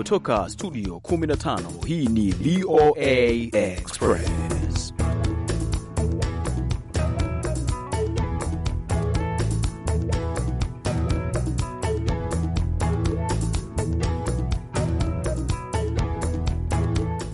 kutoka studio 15 hii ni VOA Express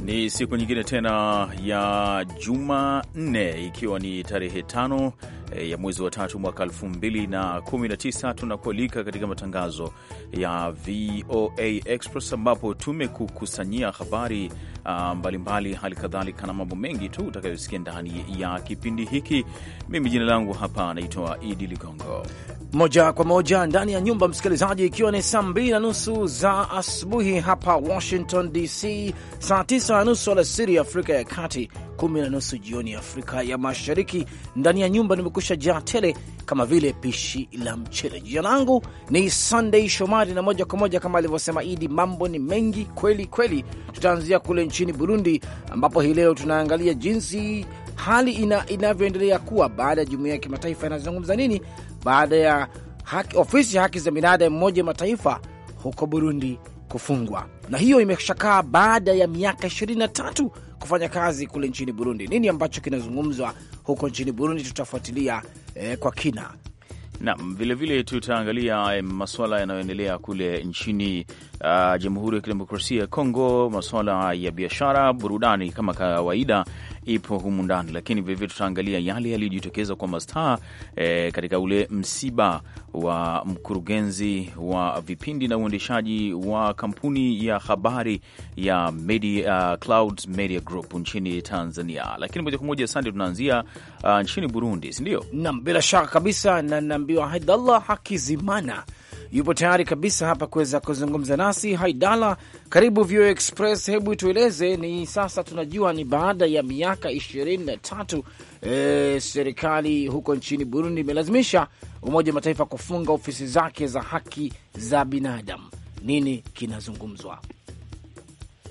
ni siku nyingine tena ya Jumanne ikiwa ni tarehe tano Eh, ya mwezi wa tatu mwaka 219 Tunakualika katika matangazo ya VOA Express ambapo tumekukusanyia habari ah, mbalimbali, hali kadhalika na mambo mengi tu utakayosikia ndani ya kipindi hiki. Mimi jina langu hapa naitwa Idi Ligongo. Moja kwa moja ndani ya nyumba, msikilizaji, ikiwa ni saa mbili na nusu za asubuhi hapa Washington DC, saa tisa na nusu alasiri ya Afrika ya Kati kumi na nusu jioni Afrika ya Mashariki. Ndani ya nyumba nimekusha jaa tele kama vile pishi la mchele. Jina langu ni Sunday Shomari, na moja kwa moja kama alivyosema Idi, mambo ni mengi kweli kweli. Tutaanzia kule nchini Burundi, ambapo hii leo tunaangalia jinsi hali ina, inavyoendelea kuwa baada ya jumuiya ya kimataifa inazungumza nini baada ya haki, ofisi ya haki za binadamu mmoja mataifa huko Burundi kufungwa na hiyo imeshakaa baada ya miaka tatu kufanya kazi kule nchini Burundi. Nini ambacho kinazungumzwa huko nchini Burundi tutafuatilia eh, kwa kina. nam vilevile tutaangalia eh, masuala yanayoendelea kule nchini uh, Jamhuri ya Kidemokrasia ya Kongo, masuala ya biashara, burudani kama kawaida, ipo humu ndani, lakini vilevile tutaangalia yale yaliyojitokeza kwa mastaa e, katika ule msiba wa mkurugenzi wa vipindi na uendeshaji wa kampuni ya habari ya Media, uh, Cloud Media Group nchini Tanzania. Lakini moja kwa moja sande, tunaanzia uh, nchini Burundi, sindio? Nam, bila shaka kabisa, na naambiwa Haidallah Hakizimana yupo tayari kabisa hapa kuweza kuzungumza nasi. Haidala, karibu VOA Express. Hebu tueleze, ni sasa tunajua ni baada ya miaka ishirini na tatu e, serikali huko nchini Burundi imelazimisha Umoja wa Mataifa kufunga ofisi zake za haki za binadamu. Nini kinazungumzwa?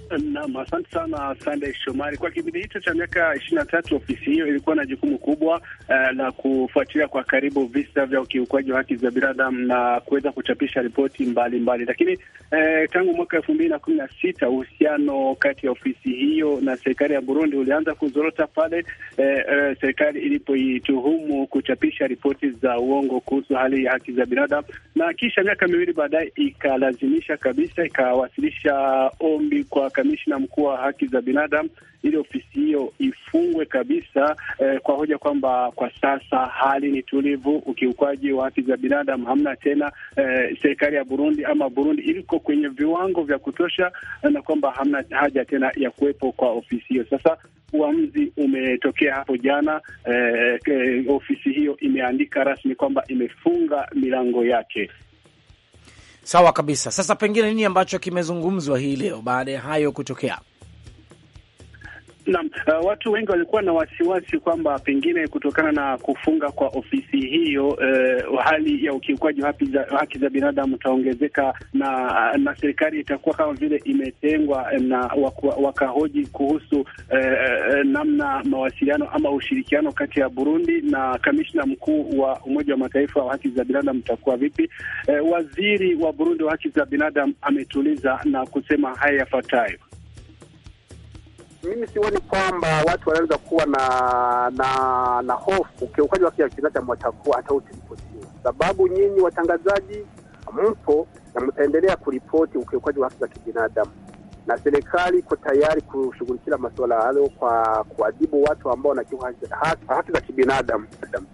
Naam, asante sana Sandey Shomari. Kwa kipindi hicho cha miaka ishirini na tatu, ofisi hiyo ilikuwa na jukumu kubwa uh, la kufuatilia kwa karibu visa vya ukiukwaji wa haki za binadamu na kuweza kuchapisha ripoti mbalimbali, lakini uh, tangu mwaka elfu mbili na kumi na sita uhusiano kati ya ofisi hiyo na serikali ya Burundi ulianza kuzorota pale uh, uh, serikali ilipoituhumu kuchapisha ripoti za uongo kuhusu hali ya haki za binadamu, na kisha miaka miwili baadaye ikalazimisha kabisa ikawasilisha ombi kwa kamishna mkuu wa haki za binadamu ili ofisi hiyo ifungwe kabisa, eh, kwa hoja kwamba kwa sasa hali ni tulivu, ukiukwaji wa haki za binadamu hamna tena. Eh, serikali ya Burundi ama Burundi iliko kwenye viwango vya kutosha, eh, na kwamba hamna haja tena ya kuwepo kwa ofisi hiyo. Sasa uamuzi umetokea hapo jana. Eh, eh, ofisi hiyo imeandika rasmi kwamba imefunga milango yake. Sawa kabisa. Sasa pengine nini ambacho kimezungumzwa hii leo baada ya hayo kutokea? Naam, uh, watu wengi walikuwa na wasiwasi kwamba pengine kutokana na kufunga kwa ofisi hiyo, uh, hali ya ukiukwaji wa haki za binadamu utaongezeka na eh, na serikali itakuwa kama vile imetengwa na wakahoji kuhusu uh, namna mawasiliano ama ushirikiano kati ya Burundi na kamishna mkuu wa Umoja wa Mataifa wa haki za binadamu utakuwa vipi? Uh, waziri wa Burundi wa haki za binadamu ametuliza na kusema haya yafuatayo: mimi sioni kwamba watu wanaweza kuwa na na na hofu ukiukaji wa haki ya binadamu watakuwa hata sababu nyinyi watangazaji mpo na mtaendelea kuripoti ukiukaji wa haki za kibinadamu, na serikali iko tayari kushughulikia masuala hayo kwa kuadhibu watu ambao wanakiuka haki za kibinadamu.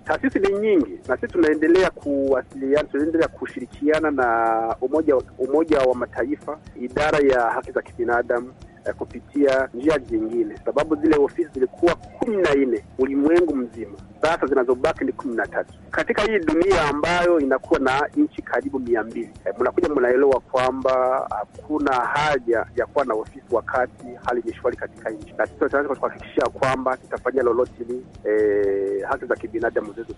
Taasisi ni nyingi, na sisi tunaendelea kuwasiliana, tunaendelea kushirikiana na Umoja, Umoja wa Mataifa, idara ya haki za kibinadamu eh, kupitia njia zingine, sababu zile ofisi zilikuwa kumi na nne ulimwengu mzima, sasa zinazobaki ni kumi na tatu katika hii dunia ambayo inakuwa na nchi karibu mia mbili. Eh, mnakuja mnaelewa kwamba hakuna haja ya kuwa na ofisi wakati hali ni shwari katika nchi, na sisi tunaweza kuhakikishia kwamba tutafanya lolote ili eh, haki za kibinadamu ziweze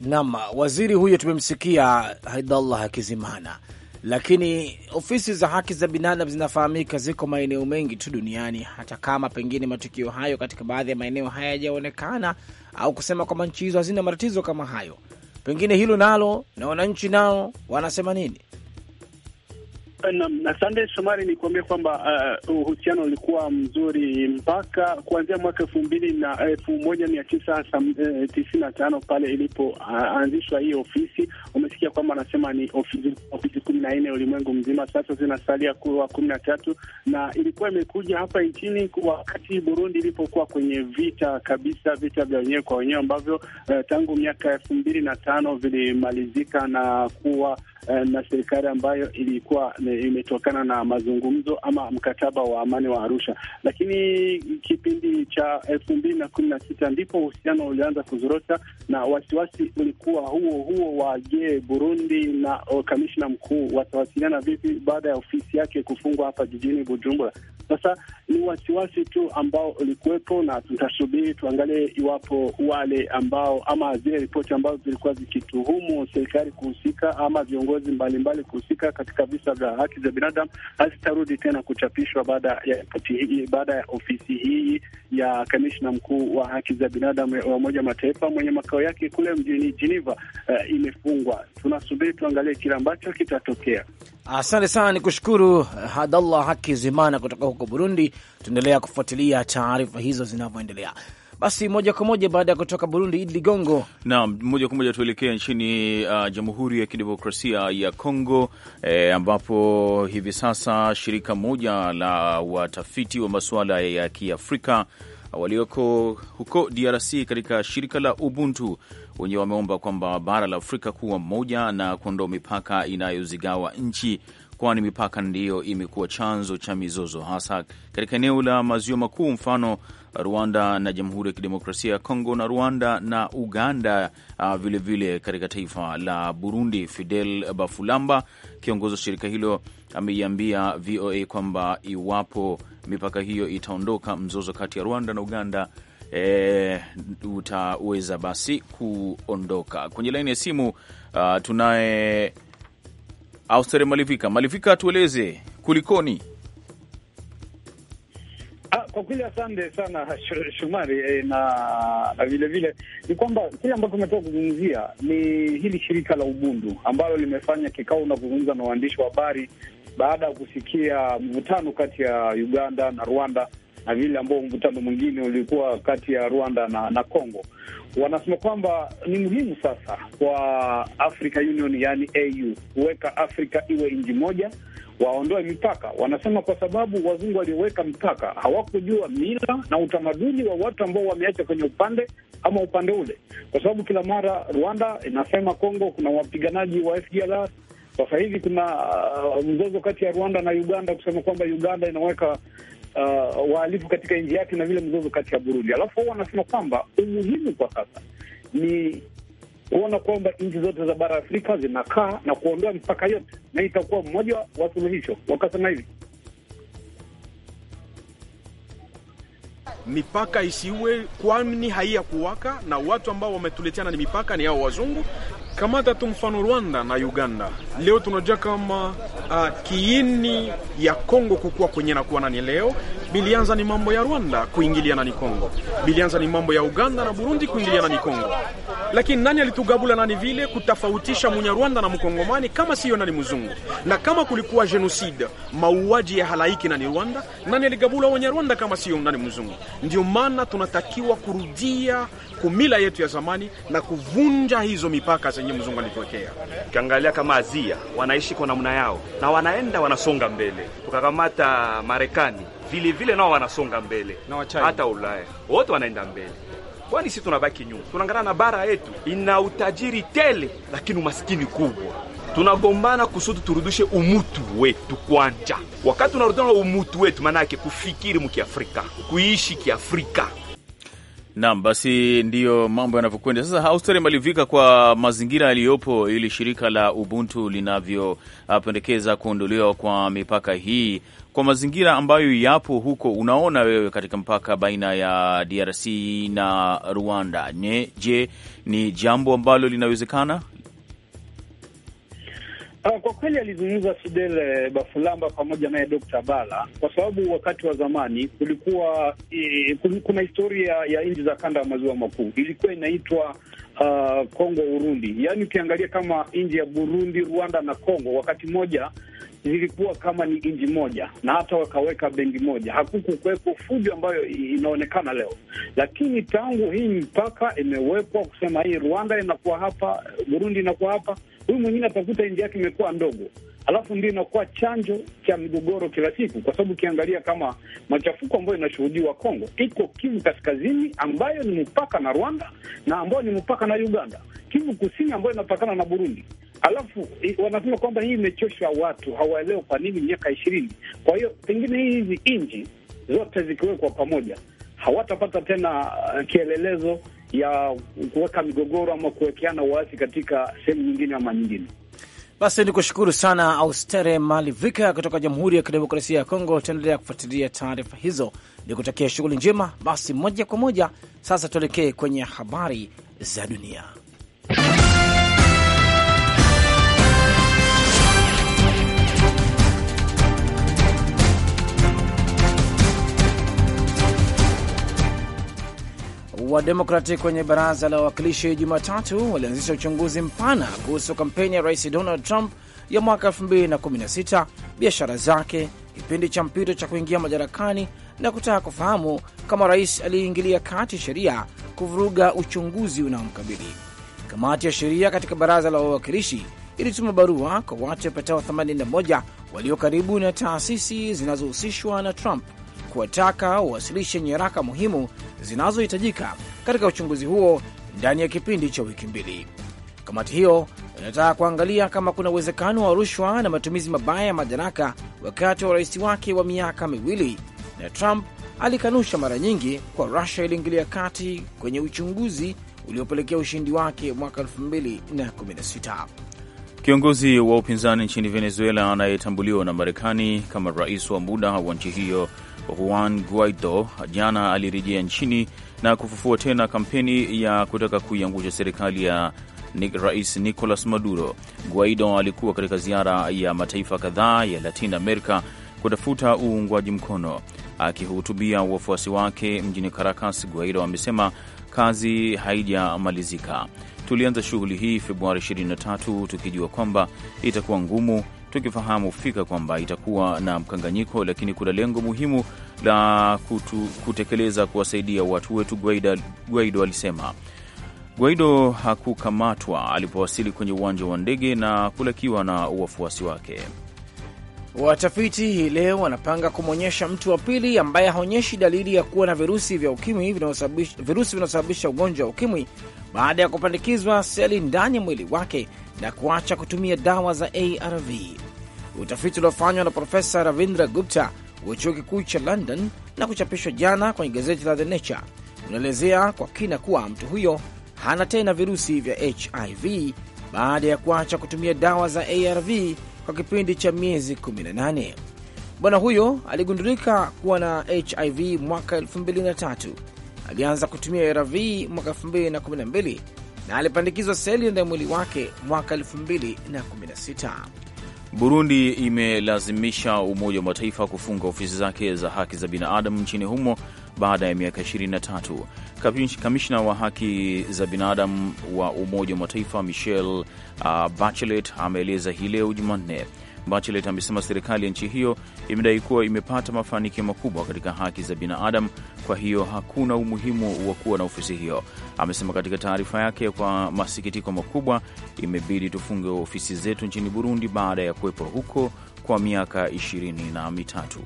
Naam, waziri huyo tumemsikia Haidallah Hakizimana lakini ofisi za haki za binadamu zinafahamika ziko maeneo mengi tu duniani, hata kama pengine matukio hayo katika baadhi ya maeneo haya hayajaonekana au kusema kwamba nchi hizo hazina matatizo kama hayo. Pengine hilo nalo na wananchi nao wanasema nini? Asante Sande Shomari, kuambia kwamba uh, uhusiano ulikuwa mzuri mpaka kuanzia mwaka elfu mbili na elfu moja mia tisa eh, tisini na tano pale ilipoanzishwa uh, hii ofisi. Umesikia kwamba anasema ni ofisi kumi na nne ulimwengu mzima, sasa zinasalia kuwa kumi na tatu na ilikuwa imekuja hapa nchini wakati Burundi ilipokuwa kwenye vita kabisa, vita vya wenyewe kwa wenyewe ambavyo eh, tangu miaka elfu mbili na tano vilimalizika na kuwa eh, na serikali ambayo ilikuwa imetokana na mazungumzo ama mkataba wa amani wa Arusha, lakini kipindi cha elfu mbili na kumi na sita ndipo uhusiano ulianza kuzorota, na wasiwasi ulikuwa huo huo wa je, Burundi na kamishna mkuu watawasiliana vipi baada ya ofisi yake kufungwa hapa jijini Bujumbura. Sasa ni wasiwasi tu ambao ulikuwepo, na tutasubiri tuangalie iwapo wale ambao ama zile ripoti ambazo zilikuwa zikituhumu serikali kuhusika ama viongozi mbalimbali kuhusika katika visa vya haki za binadamu hazitarudi tena kuchapishwa baada ya ripoti hii, baada ya ofisi hii ya kamishna mkuu wa haki za binadamu wa Umoja Mataifa mwenye makao yake kule mjini Geneva uh, imefungwa. Tunasubiri tuangalie kile ambacho kitatokea. Asante sana, ni kushukuru eh, Hadallah Haki Zimana kutoka huko Burundi Tunaendelea kufuatilia taarifa hizo zinavyoendelea. Basi moja kwa moja baada ya kutoka Burundi, Idi Ligongo. Naam, moja kwa moja tuelekea nchini uh, Jamhuri ya Kidemokrasia ya Kongo e, ambapo hivi sasa shirika moja la watafiti wa masuala ya Kiafrika walioko huko DRC katika shirika la Ubuntu wenyewe wameomba kwamba bara la Afrika kuwa moja na kuondoa mipaka inayozigawa nchi kwani mipaka ndiyo imekuwa chanzo cha mizozo hasa katika eneo la maziwa makuu, mfano Rwanda na Jamhuri ya Kidemokrasia ya Kongo na Rwanda na Uganda vilevile uh, vile katika taifa la Burundi. Fidel Bafulamba, kiongozi wa shirika hilo, ameiambia VOA kwamba iwapo mipaka hiyo itaondoka, mzozo kati ya Rwanda na Uganda E, utaweza basi kuondoka. Kwenye laini ya simu uh, tunaye Auster Malivika. Malivika, tueleze kulikoni? Ah, kwa kweli asante sana Shumari, e, na vilevile ni kwamba kile ambacho tumetoka kuzungumzia ni hili shirika la Ubundu ambalo limefanya kikao na kuzungumza na waandishi wa habari baada ya kusikia mvutano kati ya Uganda na Rwanda na vile ambao mvutano mwingine ulikuwa kati ya Rwanda na, na Congo. Wanasema kwamba ni muhimu sasa kwa Africa Union yani AU kuweka Afrika iwe nchi moja, waondoe mipaka. Wanasema kwa sababu wazungu walioweka mipaka hawakujua mila na utamaduni wa watu ambao wameacha kwenye upande ama upande ule, kwa sababu kila mara Rwanda inasema Congo kuna wapiganaji wa FDLR. Sasa hivi kuna uh, mzozo kati ya Rwanda na Uganda kusema kwamba Uganda inaweka uh, wahalifu katika nchi yake na vile mzozo kati ya Burundi. Alafu wao wanasema kwamba umuhimu kwa sasa ni kuona kwamba nchi zote za bara Afrika zinakaa na kuondoa mipaka yote, na itakuwa mmoja wa suluhisho. Wakasema hivi mipaka isiwe, kwani haiya kuwaka na watu ambao wametuletiana ni mipaka ni hao wazungu. Kamata tu mfano Rwanda na Uganda. Leo tunajua kama uh, kiini ya Kongo kukua kwenye nakuwa nani leo Bilianza ni mambo ya Rwanda kuingiliana ni Kongo, bilianza ni mambo ya Uganda na Burundi kuingiliana ni Kongo. Lakini nani alitugabula nani vile kutafautisha Munyarwanda na Mkongomani kama siyo nani mzungu? Na kama kulikuwa genocide, mauaji ya halaiki nani Rwanda, nani aligabula Wanyarwanda kama siyo nani mzungu? Ndio maana tunatakiwa kurudia kumila yetu ya zamani na kuvunja hizo mipaka zenye mzungu alitokea. Ukiangalia kama Azia wanaishi kwa namna yao na wanaenda wanasonga mbele, tukakamata Marekani vile vile nao wanasonga mbele na wachai hata Ulaya wote wanaenda mbele. Kwani sisi tunabaki nyuma? Tunangana na bara yetu ina utajiri tele, lakini umaskini kubwa. Tunagombana kusudi turudishe umutu wetu kwanja. Wakati tunarudisha umutu wetu, yake kufikiri mkiafrika, kuishi kiafrika. Naam, basi ndiyo mambo yanavyokwenda sasa. Hauster Malivika, kwa mazingira yaliyopo, ili shirika la Ubuntu linavyopendekeza kuondolewa kwa mipaka hii, kwa mazingira ambayo yapo huko, unaona wewe katika mpaka baina ya DRC na Rwanda, ne, je, ni jambo ambalo linawezekana? Ah, kwa kweli alizungumza Fidel eh, Bafulamba pamoja naye Dr. Bala, kwa sababu wakati wa zamani kulikuwa e, kuna historia ya nchi za kanda ya maziwa makuu ilikuwa inaitwa ah, Kongo Urundi. Yaani ukiangalia kama nchi ya Burundi, Rwanda na Kongo wakati mmoja zilikuwa kama ni nchi moja, na hata wakaweka benki moja. Hakukuwepo fujo ambayo inaonekana leo, lakini tangu hii mpaka imewekwa kusema hii Rwanda inakuwa hapa, Burundi inakuwa hapa, huyu mwingine atakuta nchi yake imekuwa ndogo, alafu ndio inakuwa chanjo cha migogoro kila siku, kwa sababu ukiangalia kama machafuko ambayo inashuhudiwa Kongo iko Kivu Kaskazini ambayo ni mpaka na Rwanda na ambayo ni mpaka na Uganda, Kivu Kusini ambayo inapakana na Burundi Alafu wanasema kwamba hii imechosha watu, hawaelewa kwa nini miaka ishirini. Kwa hiyo pengine hii hizi nchi zote zikiwekwa pamoja hawatapata tena uh, kielelezo ya kuweka migogoro ama kuwekeana waasi katika sehemu nyingine ama nyingine. Basi ni kushukuru sana Austere Malivika kutoka Jamhuri ya Kidemokrasia ya Kongo. Utaendelea kufuatilia taarifa hizo, ni kutakia shughuli njema. Basi moja kwa moja sasa tuelekee kwenye habari za dunia. Wademokrati kwenye baraza la wawakilishi Jumatatu walianzisha uchunguzi mpana kuhusu kampeni ya rais Donald Trump ya mwaka 2016, biashara zake, kipindi cha mpito cha kuingia madarakani na kutaka kufahamu kama rais aliingilia kati sheria kuvuruga uchunguzi unaomkabili. Kamati ya sheria katika baraza la wawakilishi ilituma barua kwa watu wapatao 81 walio karibu na taasisi zinazohusishwa na Trump kuwataka wawasilishe nyaraka muhimu zinazohitajika katika uchunguzi huo ndani ya kipindi cha wiki mbili. Kamati hiyo inataka kuangalia kama kuna uwezekano wa rushwa na matumizi mabaya ya madaraka wakati wa urais wake wa miaka miwili, na Trump alikanusha mara nyingi kwa Rusia iliingilia kati kwenye uchunguzi uliopelekea ushindi wake mwaka 2016. Kiongozi wa upinzani nchini Venezuela anayetambuliwa na Marekani kama rais wa muda wa nchi hiyo Juan Guaido jana alirejea nchini na kufufua tena kampeni ya kutaka kuiangusha serikali ya Rais Nicolas Maduro. Guaido alikuwa katika ziara ya mataifa kadhaa ya Latin America kutafuta uungwaji mkono. Akihutubia wafuasi wake mjini Caracas, Guaido amesema kazi haijamalizika. Tulianza shughuli hii Februari 23 tukijua kwamba itakuwa ngumu tukifahamu fika kwamba itakuwa na mkanganyiko, lakini kuna lengo muhimu la kutu, kutekeleza kuwasaidia watu wetu, Guaido alisema. Guaido hakukamatwa alipowasili kwenye uwanja wa ndege na kulakiwa na wafuasi wake. Watafiti hii leo wanapanga kumwonyesha mtu wa pili ambaye haonyeshi dalili ya kuwa na virusi vya ukimwi virusi vinaosababisha ugonjwa wa ukimwi baada ya kupandikizwa seli ndani ya mwili wake na kuacha kutumia dawa za ARV. Utafiti uliofanywa na Profesa Ravindra Gupta wa chuo kikuu cha London na kuchapishwa jana kwenye gazeti la The Nature unaelezea kwa kina kuwa mtu huyo hana tena virusi vya HIV baada ya kuacha kutumia dawa za ARV kwa kipindi cha miezi 18. Bwana huyo aligundulika kuwa na HIV mwaka 2003. Alianza kutumia ARV mwaka 2012 na alipandikizwa seli ndani ya mwili wake mwaka 2016. Burundi imelazimisha Umoja wa Mataifa kufunga ofisi zake za haki za binadamu nchini humo baada ya miaka 23. Kamishna wa haki za binadamu wa Umoja wa Mataifa michel uh, Bachelet ameeleza hii leo Jumanne Bachelet amesema serikali ya nchi hiyo imedai kuwa imepata mafanikio makubwa katika haki za binadamu, kwa hiyo hakuna umuhimu wa kuwa na ofisi hiyo. Amesema katika taarifa yake, kwa masikitiko makubwa, imebidi tufunge ofisi zetu nchini Burundi baada ya kuwepo huko kwa miaka ishirini na mitatu.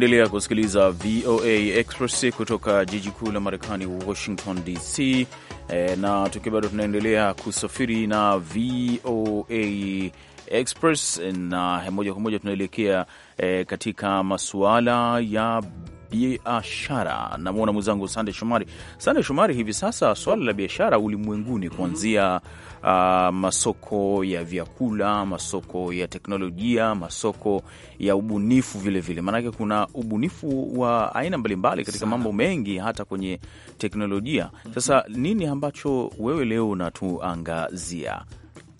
Unaendelea kusikiliza VOA Express kutoka jiji kuu la Marekani, Washington DC. E, na tukiwa bado tunaendelea kusafiri na VOA Express na moja kwa moja tunaelekea e, katika masuala ya biashara. Namwona mwenzangu Sande Shomari. Sande Shomari, hivi sasa swala la biashara ulimwenguni kuanzia uh, masoko ya vyakula, masoko ya teknolojia, masoko ya ubunifu vilevile, maanake kuna ubunifu wa aina mbalimbali katika sana, mambo mengi hata kwenye teknolojia. Sasa nini ambacho wewe leo unatuangazia?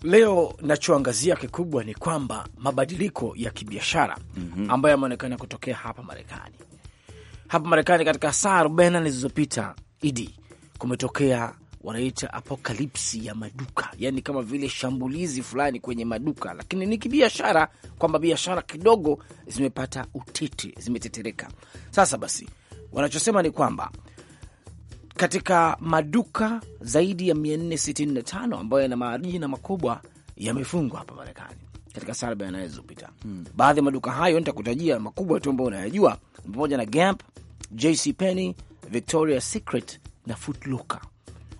Leo nachoangazia kikubwa ni kwamba mabadiliko ya kibiashara mm -hmm. ambayo yameonekana kutokea hapa Marekani hapa Marekani katika saa 40 zilizopita, Idi, kumetokea wanaita apokalipsi ya maduka, yani kama vile shambulizi fulani kwenye maduka, lakini ni kibiashara, kwamba biashara kidogo zimepata utete, zimetetereka. Sasa basi, wanachosema ni kwamba katika maduka zaidi ya 465 ambayo yana majina makubwa yamefungwa hapa Marekani katika salba yanayozopita. Hmm. Baadhi ya maduka hayo nitakutajia makubwa tu ambayo unayajua pamoja na Gap, JC Penney, Victoria Secret na Footlocker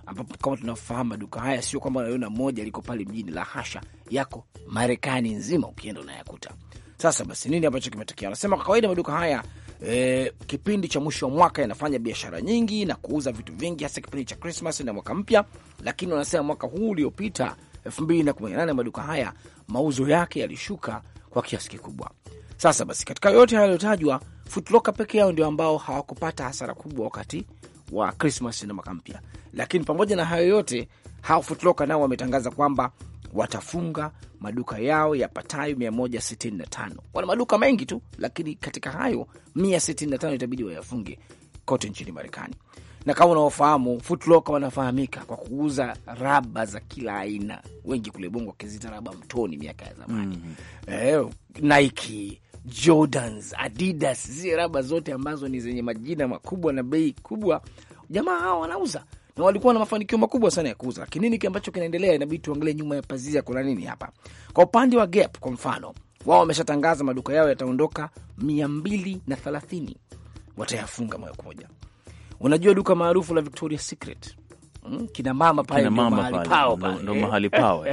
ambapo kama tunafahamu maduka haya sio kwamba unaona moja liko pale mjini, la hasha, yako Marekani nzima, ukienda unayakuta. Sasa basi, nini ambacho kimetokea? Anasema kwa kawaida maduka haya e, kipindi cha mwisho wa mwaka yanafanya biashara nyingi na kuuza vitu vingi, hasa kipindi cha Krismas na mwaka mpya, lakini wanasema mwaka huu uliopita 2018 maduka haya mauzo yake yalishuka kwa kiasi kikubwa. Sasa basi, katika yote yaliyotajwa, Footlocker peke yao ndio ambao hawakupata hasara kubwa wakati wa Krismas na mwaka mpya. Lakini pamoja na hayo yote, hao Footlocker nao wametangaza kwamba watafunga maduka yao yapatayo 165. Wana maduka mengi tu, lakini katika hayo 165 itabidi wayafunge kote nchini Marekani na kama unaofahamu Footlocker wanafahamika kwa kuuza raba za kila aina, wengi kule Bongo wakizita raba mtoni miaka ya zamani mm -hmm. Eh, Nike, Jordans, Adidas, zile raba zote ambazo ni zenye majina makubwa na bei kubwa, jamaa hawa wanauza na walikuwa na mafanikio makubwa sana ya kuuza. Lakini nini ambacho kinaendelea, inabidi tuangalie nyuma ya pazia kuna nini hapa. Kwa upande wa Gap kwa mfano, wao wameshatangaza maduka yao yataondoka mia mbili na thelathini, watayafunga moja kwa moja. Unajua duka maarufu la Victoria Secret hmm, kina mama pale mahali pao, ndo eh. mahali pao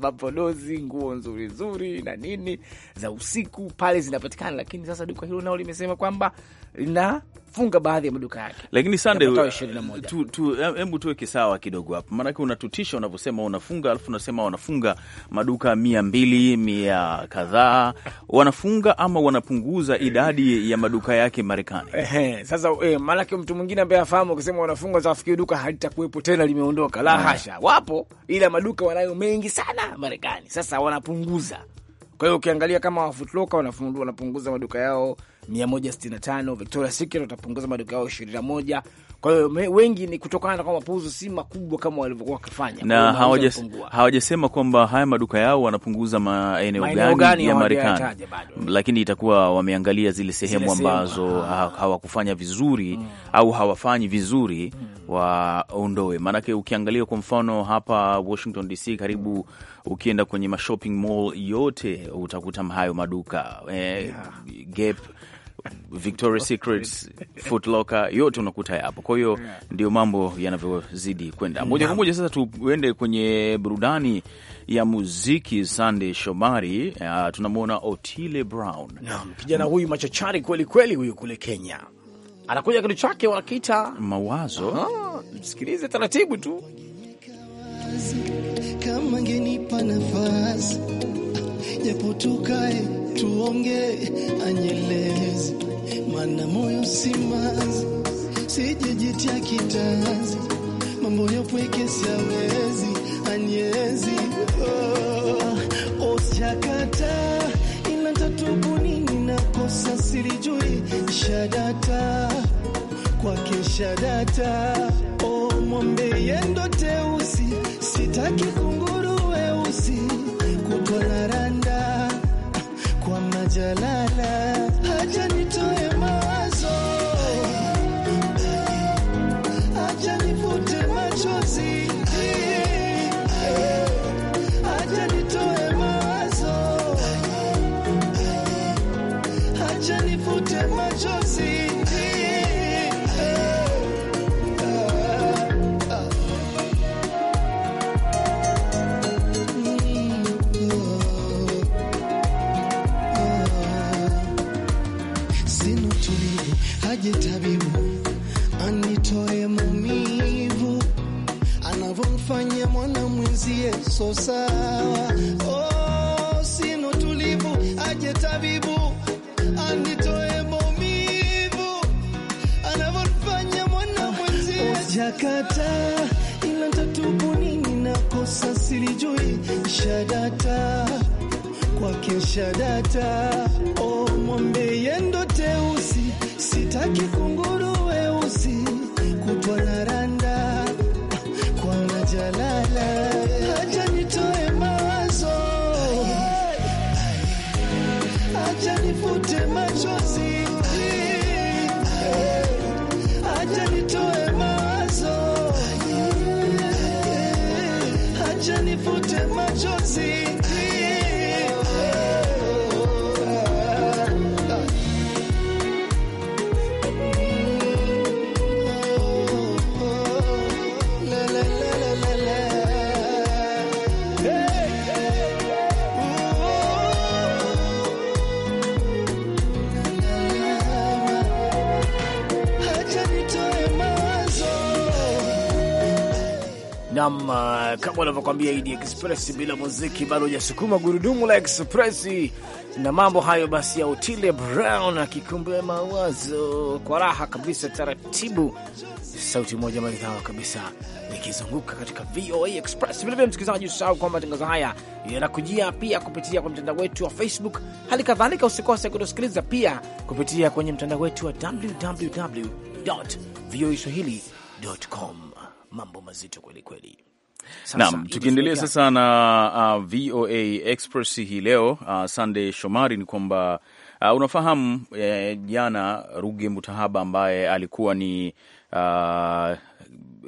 mapodozi, nguo nzuri nzuri na nini za usiku pale zinapatikana. Lakini sasa duka hilo nao limesema kwamba lina kufunga baadhi ya maduka yake. Lakini sande, eh, hebu tuwe kisawa kidogo hapo, maanake unatutisha unavyosema unafunga, alafu unasema wanafunga maduka mia mbili mia kadhaa, wanafunga ama wanapunguza idadi ya maduka yake Marekani. Sasa eh, maanake mtu mwingine ambaye afahamu akisema wanafunga zafikiri duka halitakuwepo tena, limeondoka. La eh. hasha, wapo, ila maduka wanayo mengi sana Marekani. Sasa wanapunguza, kwa hiyo ukiangalia kama wafutloka wanapunguza maduka yao 165. Victoria Secret watapunguza maduka yao 21. Kwa hiyo wengi ni kutokana na kwamba mauzo si makubwa kama walivyokuwa wakifanya, na hawajasema kwamba haya maduka yao wanapunguza maeneo gani, gani ya Marekani, lakini itakuwa wameangalia zile sehemu ambazo ah. hawakufanya vizuri mm, au hawafanyi vizuri mm, waondoe. Maanake ukiangalia kwa mfano hapa Washington DC karibu mm, ukienda kwenye mashopping mall yote utakuta hayo maduka eh, yeah. Gap Victoria's Secret, Footlocker, yote unakuta yapo. Kwa hiyo yeah, ndio mambo yanavyozidi kwenda moja kwa moja. Sasa tuende kwenye burudani ya muziki. sandey Shomari, uh, tunamwona Otile Brown, kijana huyu machachari kweli kweli, huyu kule Kenya anakuja kitu chake wanakiita mawazo. msikilize taratibu tu kama ngenipa nafasi japo tukae tuongee, anyelezi mana moyo simazi, sijejitia kitazi, mambo yopweke siawezi, anyezi oh, osjakata oh, inatatubunini nakosa sirijui shadata kwake shadata o oh, mwambe yendo teusi sitaki kunguru weusi kutwalara Jalala closer Jennifer hapo anavyokwambia Idi Express. Bila muziki bado hujasukuma gurudumu la Express na mambo hayo. Basi ya Otile Brown akikumbwa mawazo kwa raha kabisa, taratibu, sauti moja maridhawa kabisa ikizunguka katika VOA Express. Vilevile msikilizaji, usahau kwamba matangazo haya yanakujia pia kupitia kwa mtandao wetu wa Facebook. Hali kadhalika usikose kutusikiliza pia kupitia kwenye mtandao wetu wa www voaswahili.com. Mambo mazito kweli kweli. Naam, tukiendelea sasa na uh, VOA Express hii leo uh, Sunday Shomari, ni kwamba uh, unafahamu eh, jana eh, Ruge Mutahaba ambaye alikuwa ni uh,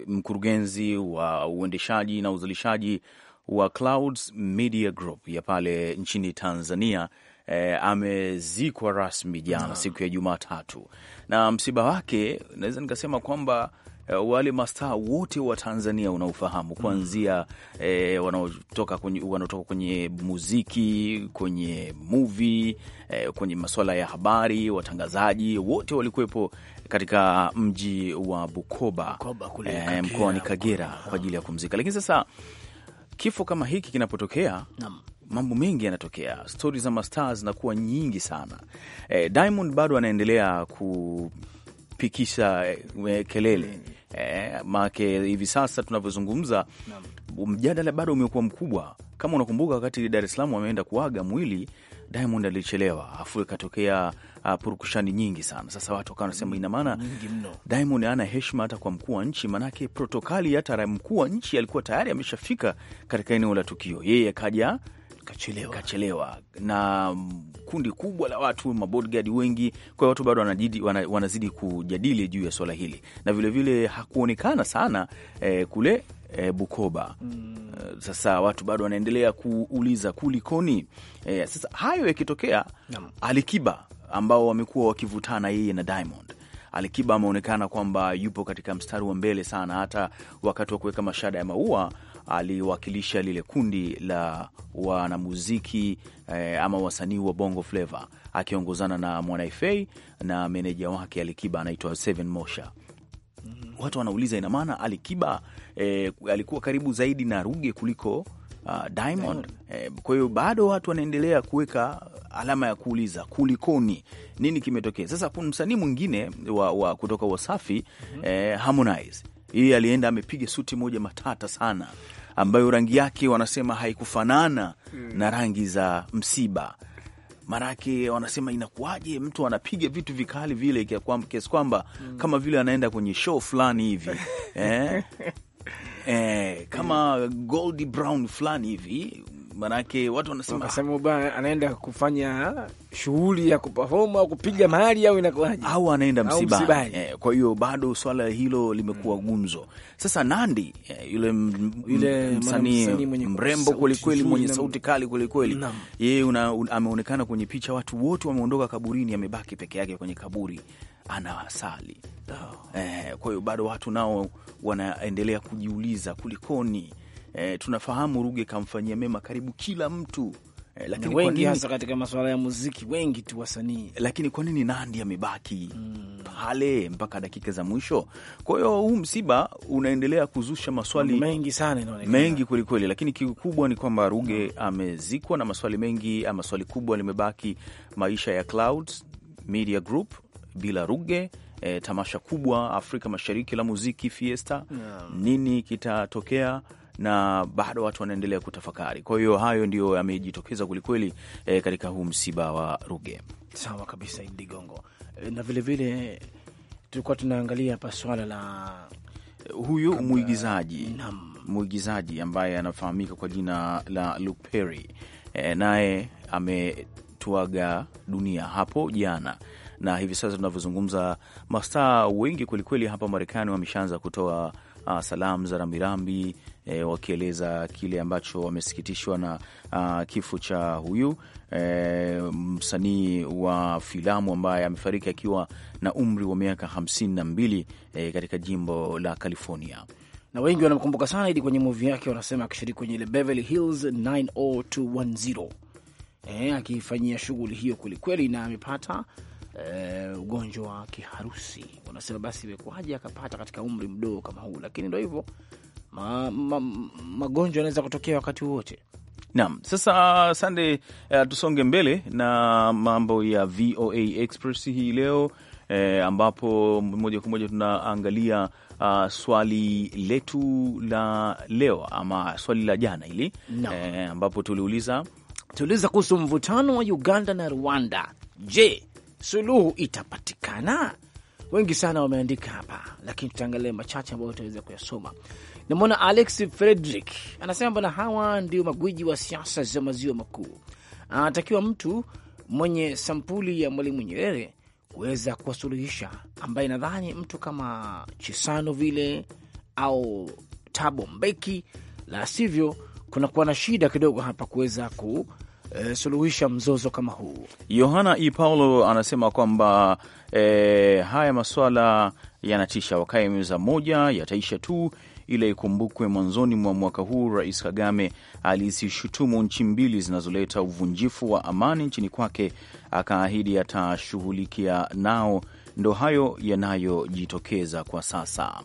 mkurugenzi wa uendeshaji na uzalishaji wa Clouds Media Group ya pale nchini Tanzania E, amezikwa rasmi jana siku ya Jumatatu, na msiba wake naweza nikasema kwamba Eh, wale mastaa wote wa Tanzania unaofahamu mm. kuanzia eh, wanaotoka kwenye, wanaotoka kwenye muziki, kwenye muvi eh, kwenye masuala ya habari, watangazaji wote walikuwepo katika mji wa Bukoba, e, mkoani Kagera kwa ajili ya kumzika. Lakini sasa kifo kama hiki kinapotokea mambo mengi yanatokea, stori za mastaa zinakuwa nyingi sana. E, Diamond bado anaendelea ku kupikisha eh, kelele eh, make hivi sasa tunavyozungumza mjadala bado umekuwa mkubwa. Kama unakumbuka wakati Dar es Salaam wameenda kuaga mwili Diamond alichelewa, afu ikatokea uh, ah, purukushani nyingi sana. Sasa watu wakawa wanasema ina maana Diamond ana heshima hata kwa mkuu wa nchi, manake protokali hata mkuu wa nchi alikuwa tayari ameshafika katika eneo la tukio, yeye akaja kachelewa, kachelewa na kundi kubwa la watu mabodyguard wengi. Kwa hiyo watu bado wanajidi, wanazidi kujadili juu ya swala hili na vilevile vile hakuonekana sana eh, kule eh, Bukoba mm. Eh, sasa watu bado wanaendelea kuuliza kulikoni. Eh, sasa hayo yakitokea mm. Alikiba ambao wamekuwa wakivutana yeye na Diamond Alikiba ameonekana kwamba yupo katika mstari wa mbele sana, hata wakati wa kuweka mashada ya maua aliwakilisha lile kundi la wanamuziki eh, ama wasanii wa Bongo Flava akiongozana na Mwanaifei na meneja wake Alikiba anaitwa Seven Mosha. Mm-hmm. Watu wanauliza ina maana Alikiba eh, alikuwa karibu zaidi na Ruge kuliko Uh, Diamond. Eh, kwa hiyo bado watu wanaendelea kuweka alama ya kuuliza kulikoni, nini kimetokea sasa? Kuna msanii mwingine wa, wa kutoka Wasafi mm -hmm. eh, Harmonize, yeye alienda amepiga suti moja matata sana ambayo rangi yake wanasema haikufanana hmm. na rangi za msiba. Maanake wanasema inakuwaje mtu anapiga vitu vikali vile kiasi kwamba hmm. kama vile anaenda kwenye show fulani hivi eh? Eh, kama Gold Brown fulani hivi maanake watu wanasema akasema bwana anaenda kufanya shughuli ya kuperform au kupiga mahali au inakuwaje, au anaenda msibani eh. Kwa hiyo bado swala hilo limekuwa mm. gumzo. Sasa Nandi eh, yule msanii mrembo kwelikweli, mwenye sauti kali kwelikweli, yeye ameonekana kwenye picha, watu wote wameondoka kaburini, amebaki peke yake kwenye kaburi anawasali. Oh. Eh, kwa hiyo bado watu nao wanaendelea kujiuliza kulikoni eh, tunafahamu Ruge kamfanyia mema karibu kila mtu eh, lakini wengi kwanini, hasa katika masuala ya muziki wengi tu wasanii, lakini kwa nini Nandi amebaki mm. pale mpaka dakika za mwisho? Kwa hiyo huu msiba unaendelea kuzusha maswali mengi sana, inaonekana mengi kwelikweli, lakini kikubwa ni kwamba Ruge amezikwa na maswali mengi, ama swali kubwa limebaki maisha ya Clouds Media Group bila Ruge. E, tamasha kubwa Afrika Mashariki la muziki Fiesta, yeah. Nini kitatokea? na bado watu wanaendelea kutafakari. Kwa hiyo hayo ndio yamejitokeza kwelikweli e, eh, katika huu msiba wa Ruge. Sawa kabisa, Idi Gongo. Eh, na vilevile tulikuwa tunaangalia hapa swala la eh, huyu mwigizaji mwigizaji ambaye anafahamika kwa jina la Luke Perry e, naye ametuaga dunia hapo jana na hivi sasa tunavyozungumza, mastaa wengi kwelikweli hapa Marekani wameshaanza kutoa ah, salamu za rambirambi e, wakieleza kile ambacho wamesikitishwa na a, kifo cha huyu e, msanii wa filamu ambaye amefariki akiwa na umri wa miaka hamsini na mbili e, katika jimbo la California na wengi wanamkumbuka sana hidi kwenye muvi yake, wanasema akishiriki kwenye ile Beverly Hills 90210 e, akifanyia shughuli hiyo kwelikweli, na amepata e, ugonjwa wa kiharusi. Wanasema basi imekuwaje akapata katika umri mdogo kama huu, lakini ndo hivyo ma, ma, magonjwa yanaweza kutokea wakati wowote. Naam, sasa uh, Sande, uh, tusonge mbele na mambo ya VOA Express hii leo eh, ambapo moja kwa moja tunaangalia uh, swali letu la leo ama swali la jana hili no. eh, ambapo tuliuliza tuliuliza kuhusu mvutano wa Uganda na Rwanda. Je, suluhu itapatikana? Wengi sana wameandika hapa, lakini tutaangalia machache ambayo utaweza kuyasoma namwona Alex Frederick anasema bwana, hawa ndio magwiji wa siasa za maziwa makuu. Anatakiwa mtu mwenye sampuli ya Mwalimu Nyerere kuweza kuwasuluhisha, ambaye nadhani mtu kama Chisano vile au Tabo Mbeki, la sivyo kunakuwa na shida kidogo hapa kuweza ku E, suluhisha mzozo kama huu. Yohana E Paulo anasema kwamba e, haya maswala yanatisha, wakae meza moja yataisha tu. Ila ikumbukwe mwanzoni mwa mwaka huu Rais Kagame alizishutumu nchi mbili zinazoleta uvunjifu wa amani nchini kwake, akaahidi atashughulikia nao. Ndo hayo yanayojitokeza kwa sasa.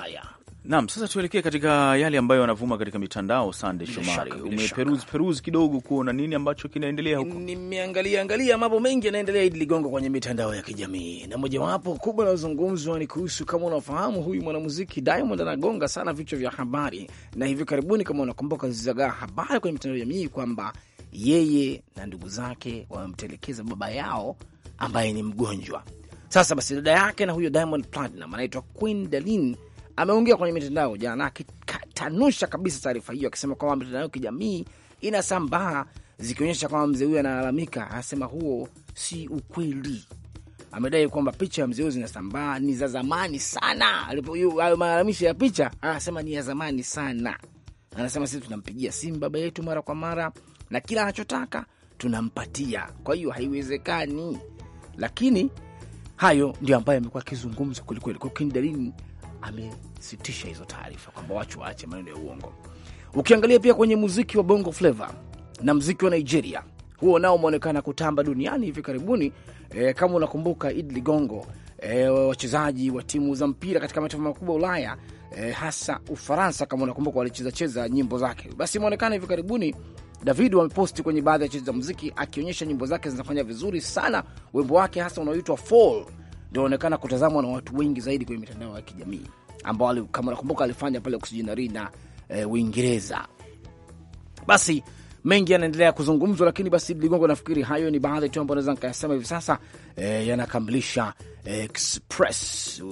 Haya, Naam, sasa tuelekee katika yale ambayo yanavuma katika mitandao. Sande Shomari, umeperuzi peruzi kidogo kuona nini ambacho kinaendelea huko? Nimeangalia angalia mambo mengi yanaendelea, Idi Ligongo, kwenye mitandao ya kijamii, na mojawapo kubwa inayozungumzwa ni kuhusu, kama unafahamu, huyu mwanamuziki Diamond anagonga sana vichwa vya habari, na hivi karibuni, kama unakumbuka, zizagaa habari kwenye mitandao ya jamii kwamba yeye na ndugu zake wamemtelekeza baba yao ambaye ni mgonjwa. Sasa basi, dada yake na huyo Diamond Platinum anaitwa Queen Dalin ameongea kwenye mitandao jana akitanusha kabisa taarifa hiyo, akisema kwamba mitandao ya kijamii inasambaa zikionyesha kwamba mzee huyo analalamika. Anasema huo si ukweli. Amedai kwamba picha ya mzee huyo zinasambaa ni za zamani sana. Hayo malalamisho ya picha anasema ni ya zamani sana. Anasema sisi tunampigia simu baba yetu mara kwa mara na kila anachotaka tunampatia, kwa hiyo haiwezekani. Lakini hayo ndio ambayo amekuwa akizungumza kwelikweli, kwa kindalini amesitisha hizo taarifa kwamba wachu waache maneno ya uongo. Ukiangalia pia kwenye muziki wa bongo fleva na mziki wa Nigeria, huo nao umeonekana kutamba duniani hivi karibuni. E, kama unakumbuka Id Ligongo, e, wachezaji wa timu za mpira katika mataifa makubwa Ulaya, e, hasa Ufaransa, kama unakumbuka walichezacheza nyimbo zake. Basi imeonekana hivi karibuni David wameposti kwenye baadhi ya chezo za muziki akionyesha nyimbo zake zinafanya vizuri sana. Wimbo wake hasa unaoitwa Fall linaonekana kutazamwa na watu wengi zaidi kwenye mitandao ya kijamii ambao kama nakumbuka alifanya pale oksijenari na e, eh, Uingereza. Basi mengi yanaendelea kuzungumzwa, lakini basi Ligongo, nafikiri hayo ni baadhi tu ambayo naweza nikayasema hivi sasa e, yanakamilisha eh, Express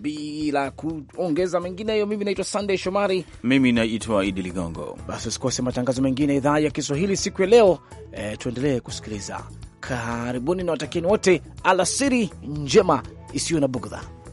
bila kuongeza mengine hiyo. Mimi naitwa Sunday Shomari, mimi naitwa Idi Ligongo. Basi usikose matangazo mengine idhaa ya Kiswahili siku ya leo. E, tuendelee kusikiliza Karibuni na watakieni wote alasiri njema isiyo na bugdha.